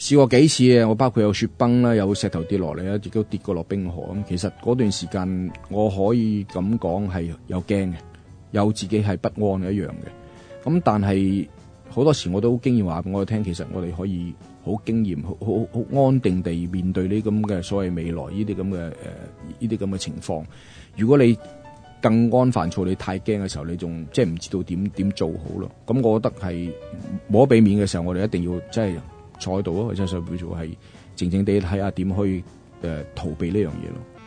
試過幾次啊？我包括有雪崩啦，有石頭跌落嚟啦，亦都跌過落冰河咁。其實嗰段時間，我可以咁講係有驚嘅，有自己係不安嘅一樣嘅。咁但係好多時我都經驗話俾我哋聽，其實我哋可以好經驗好好好安定地面對呢咁嘅所謂未來呢啲咁嘅誒呢啲咁嘅情況。如果你更安煩躁，你太驚嘅時候，你仲即係唔知道點點做好咯。咁我覺得係無可避免嘅時候，我哋一定要即係。真坐喺度咯，佢真係叫做係靜靜地睇下點可以誒逃避呢樣嘢咯。